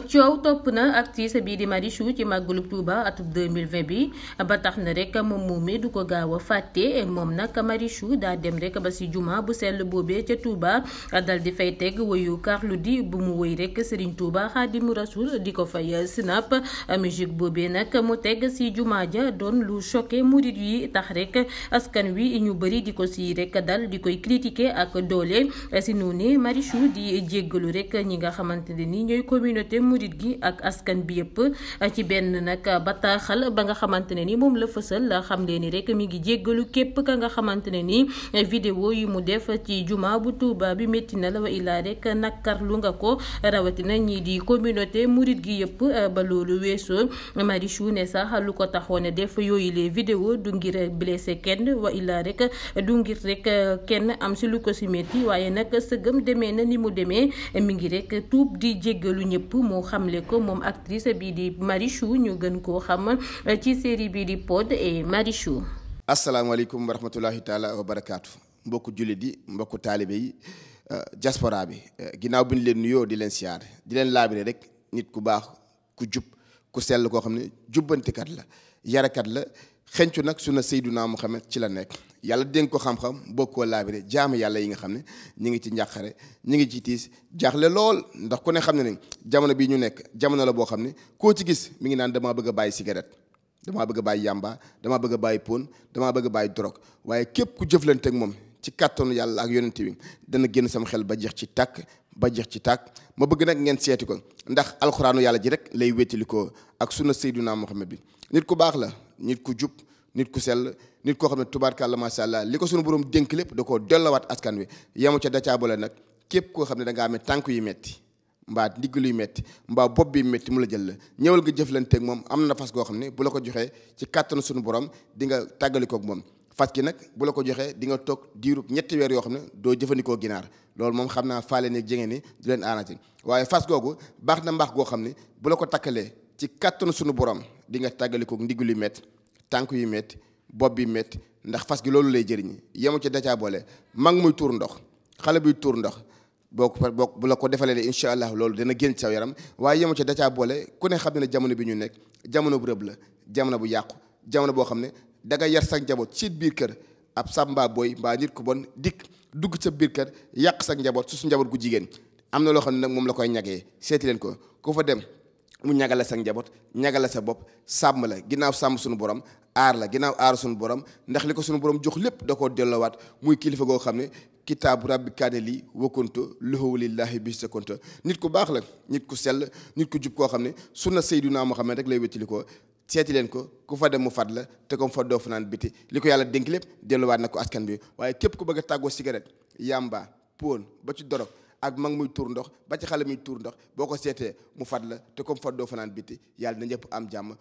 coow topp na actrice bii di Marichou ci màggalub Touba atub 2020 bi ba tax na rek moom moomee du ko gaaw a fàtte moom nag Marichou daa dem rek ba si juma bu sell boobe ca Touba dal di fay teg woyu Carlou di bu mu woy rek Serigne Touba Xaadimu Rasul di ko fay sinap musique boobee nag mu teg si juma ja doon lu choqué murit yi tax rek askan wi ñu bëri di ko si rek dal di koy critiquer ak doole si noonu Marichou di jéggalu rek ñi nga xamante ni ñooy communauté. murit gi ak askan bi yëpp eh, ci benn nag eh, bataaxal ba nga xamante ne ni moom la fësal eh, xam leen ni rek mi ngi jéggalu képp ka nga xamante ne ni vidéo yi mu def ci juma bu Tuuba bi métti na la wa illaa rek nakkarlu nga ko rawatina ñii di communauté murit gi yëpp ba loolu weesoo Marichou ne sax ko taxoon a def yooyu les vidéo du ngir kenn wa illaa rek du ngir rek kenn am si lu ko waaye nag sëgëm demee na ni mu demee mi ngi rek tuub di jéggalu ñëpp moo xamle ko moom actrice bii di Marichou ñu gën koo xam ci série bii di Pod et Marichou. asalaamaaleykum wa rahmatulahi taala wa barakaatu mbokku jullit yi mbokku taalibe yi euh, diaspora bi euh, ginnaaw bi ñu leen nuyoo di leen siyaare di leen laabire rek nit ku baax ku jub ku sell koo xam ne jubbantikat la yarakat la. xencu nag su suna Seydunaa Muhammad ci la nekk yàlla dénk ko xam-xam bokkoo laabire jaamu yàlla yi nga xam ne ñu ngi ci njàqare ñu ngi ci tiis jaaxle lool ndax ko ne xam ne ne jamono bii ñu nekk jamono la boo xam ne koo ci gis mi ngi naan damaa bëgg a bàyyi cigarette damaa bëgg a bàyyi yàmba dama bëgg a bàyyi pon damaa bëgg a bàyyi drogue waaye képp ku jëflante ak moom ci kàttanu yàlla ak yonent bi dana génn sama xel ba jeex ci tàkk ba jeex ci tàkk ma bëgg nag ngeen seeti ko ndax alxuraanu yàlla ji rek lay wétali ko ak suna Seydunaa Muhammad bi nit ku baax la nit ku jub nit ku sell nit koo xam ne tubaarkàlla macha allah li ko suñu boroom dénk lépp da koo delloowaat askan wi yemu ca dacaabale nag képp koo xam ne da ngaa amee tànk yu metti mbaa ndigg luy metti mbaa bopp bi metti mu la jël la ñëwal nga jëflanteeg moom am na fas goo xam ne bu la ko joxee ci kàttanu suñu borom di nga tàggalikoog moom fas gi nag bu la ko joxee di nga toog diirub ñetti weer yoo xam ne doo jëfandikoo ginaar loolu moom xam naa faale ne jege ni du leen arrangé waaye fas googu baax na mbaax goo xam ne bu la ko takkalee ci kàttanu sunu borom di nga tàggalikoo ndigul yu métti tànk yu métti bopp bi métti ndax fas gi loolu lay jëriñ yemu ci dajaa boole mag muy tuur ndox xale buy tuur ndox boo ko boo bu la ko defalee de incha allah loolu dana génn saw yaram waaye yemu ci dacaa boole ku ne xam ne ne jamono bi ñu nekk jamono bu rëb la jamono bu yàqu jamono boo xam ne da nga yar sa njaboot ci biir kër ab sàmba booy mbaa nit ku bon dikk dugg sa biir kër yàq sa njaboot su su njaboot gu jigéen am na loo xam ne nag moom la koy ñagee seeti ko ku fa dem mu ñagale sa njaboot ñagale sa bopp sàmm la ginnaaw sàmm suñu borom aar la ginnaaw aar suñu borom ndax li ko suñu borom jox lépp da koo delloowaat muy kilifa goo xam ne kitaabu rabbi kaane lii wakkuntu loxowu lillaahi bi sa konta nit ku baax la nit ku sell nit ku jub koo xam ne sunna xam ne rek lay wéttali ko seeti leen ko ku fa dem mu fat la te comme fa doo naan biti li ko yàlla dénk lépp delluwaat na ko askan bi waaye képp ku bëgg a tàggoo cigarette yamba poon ba ci dorog ak mag muy tuur ndox ba ci xale muy tuur ndox boo ko seetee mu fat la te comme fat doo fanaan biti yàlla na ñëpp am jàmm